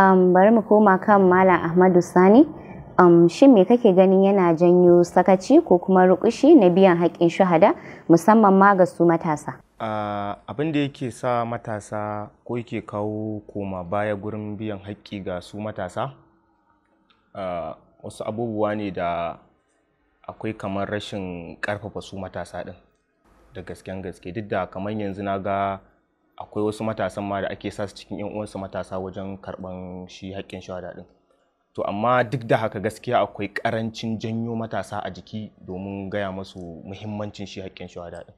Um, bari mu koma kan Malam Ahmadu Sani. Um, shin me kake ganin yana janyo sakaci ko kuma rukushi na biyan haƙƙin shahada musamman ma ga su matasa? Uh, Abin da yake sa matasa ko yake kawo koma baya gurin biyan haƙƙi ga su matasa? Uh, wasu abubuwa ne da akwai kamar rashin ƙarfafa su matasa ɗin da gasken gaske duk da kamar yanzu na ga akwai wasu matasan ma da ake sasu cikin yan uwansu matasa wajen karban shi haƙƙin shahada din to amma duk da haka gaskiya akwai karancin janyo matasa a jiki domin gaya musu muhimmancin shi haƙƙin shahada din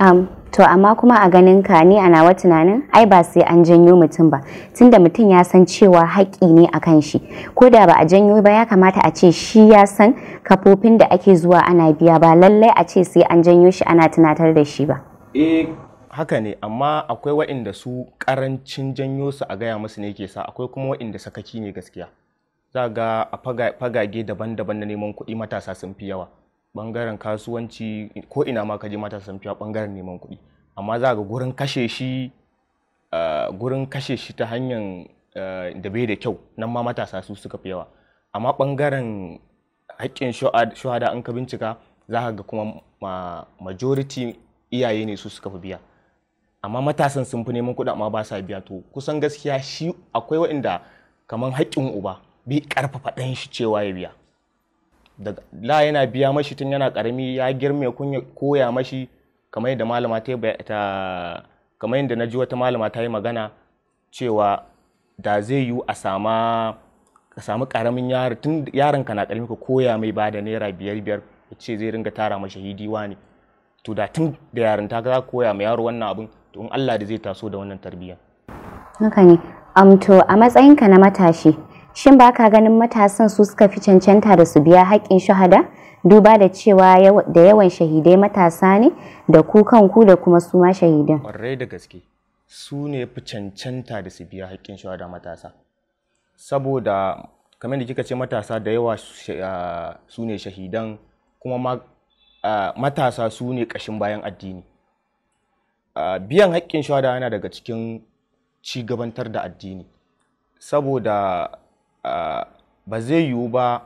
Um, to amma kuma a ganin ka ni a nawa tunanin ai ba sai an janyo mutum ba tunda mutum ya san cewa haƙƙi ne a kan shi ko da ba a janyo ba ya kamata a ce shi ya san kafofin da ake zuwa ana biya ba lallai a ce sai an janyo shi ana tunatar da shi ba. e haka ne amma akwai waɗanda su karancin janyo su a gaya musu ne ke sa akwai kuma waɗanda sakaki ne gaskiya za ga a fagage daban-daban na neman kuɗi matasa sun fi yawa ɓangaren kasuwanci ko ina ma kaji matasa sun fi yawa ɓangaren neman kuɗi amma za ga eh, gurin kashe shi ta hanyar eh, da bai da kyau nan ma matasa su suka fi yawa amma ɓangaren haƙƙin shuhada an ka bincika za ga kuma majority iyaye ne su suka fi biya amma matasan sun fi neman kuɗi amma ba sa biya to kusan gaskiya shi akwai waɗanda kamar haƙƙin uba bai ƙarfafa ɗan shi cewa ya biya daga la yana biya mashi tun yana ƙarami ya girme kun koya mashi kamar yadda malama ta kamar yadda na ji wata malama ta yi magana cewa da zai yiwu a sama ka samu karamin yaro tun yaron ka na karami ka koya mai ba da naira biyar biyar ya ce zai ringa tara mashahidi wa ne to da tun da yarinta ka koya ma yaro wannan abin to Allah da zai taso da wannan tarbiyya haka ne amto a matsayinka na matashi shin ba ka ganin matasan su suka fi cancanta da su biya haƙƙin shahada duba da cewa da yawan shahidai matasa ne da ku kanku da kuma su ma shahidan ƙwarai da gaske su ne fi cancanta da su biya haƙƙin shahada matasa saboda kamar da kika ce matasa da yawa su ne shahidan kuma matasa su ne ƙashin bayan addini biyan haƙƙin shahada yana daga cikin cigabantar da addini saboda ba zai yiwu ba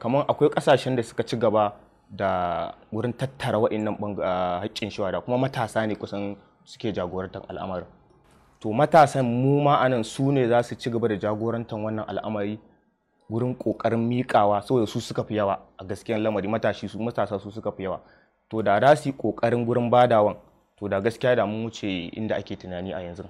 kamar akwai ƙasashen da suka ci gaba da wurin tattara wa'innan haƙƙin shahada kuma matasa ne kusan suke jagorantar al'amarin to matasan mu ma anan su ne za su ci gaba da jagorantar wannan al'amari wurin ƙoƙarin miƙawa saboda su suka fi yawa a gaskiyar lamari matashi su matasa su suka fi yawa to da za su yi ƙoƙarin gurin badawan to da gaskiya da mu wuce inda ake tunani a yanzu